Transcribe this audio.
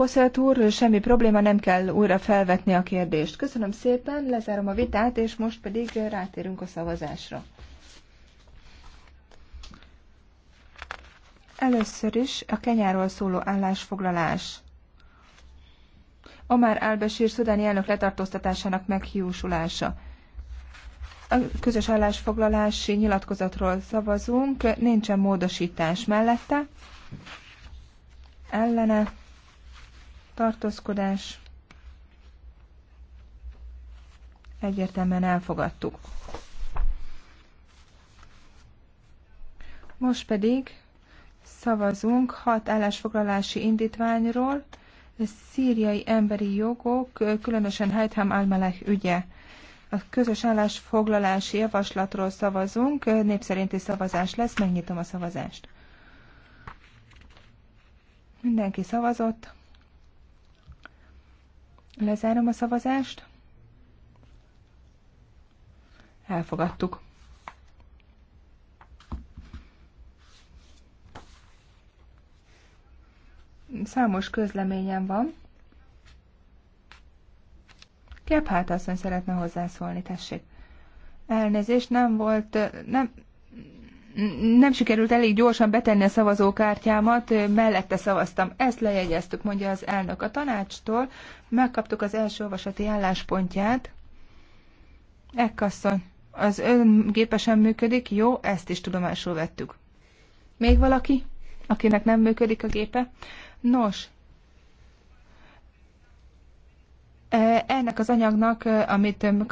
Hosszelt úr, semmi probléma, nem kell újra felvetni a kérdést. Köszönöm szépen, lezárom a vitát, és most pedig rátérünk a szavazásra. Először is a kenyáról szóló állásfoglalás. Omar Albesír szudáni elnök letartóztatásának meghiúsulása. A közös állásfoglalási nyilatkozatról szavazunk, nincsen módosítás mellette, ellene tartózkodás. Egyértelműen elfogadtuk. Most pedig szavazunk hat állásfoglalási indítványról, szíriai emberi jogok, különösen Heitham Almelech ügye. A közös állásfoglalási javaslatról szavazunk, népszerinti szavazás lesz, megnyitom a szavazást. Mindenki szavazott. Lezárom a szavazást. Elfogadtuk. Számos közleményem van. azt, hogy szeretne hozzászólni, tessék. Elnézést, nem volt, nem, nem sikerült elég gyorsan betenni a szavazókártyámat, mellette szavaztam. Ezt lejegyeztük, mondja az elnök. A tanácstól megkaptuk az első olvasati álláspontját. Ekkasszony, az ön gépesen működik, jó, ezt is tudomásul vettük. Még valaki, akinek nem működik a gépe? Nos, e, ennek az anyagnak, amit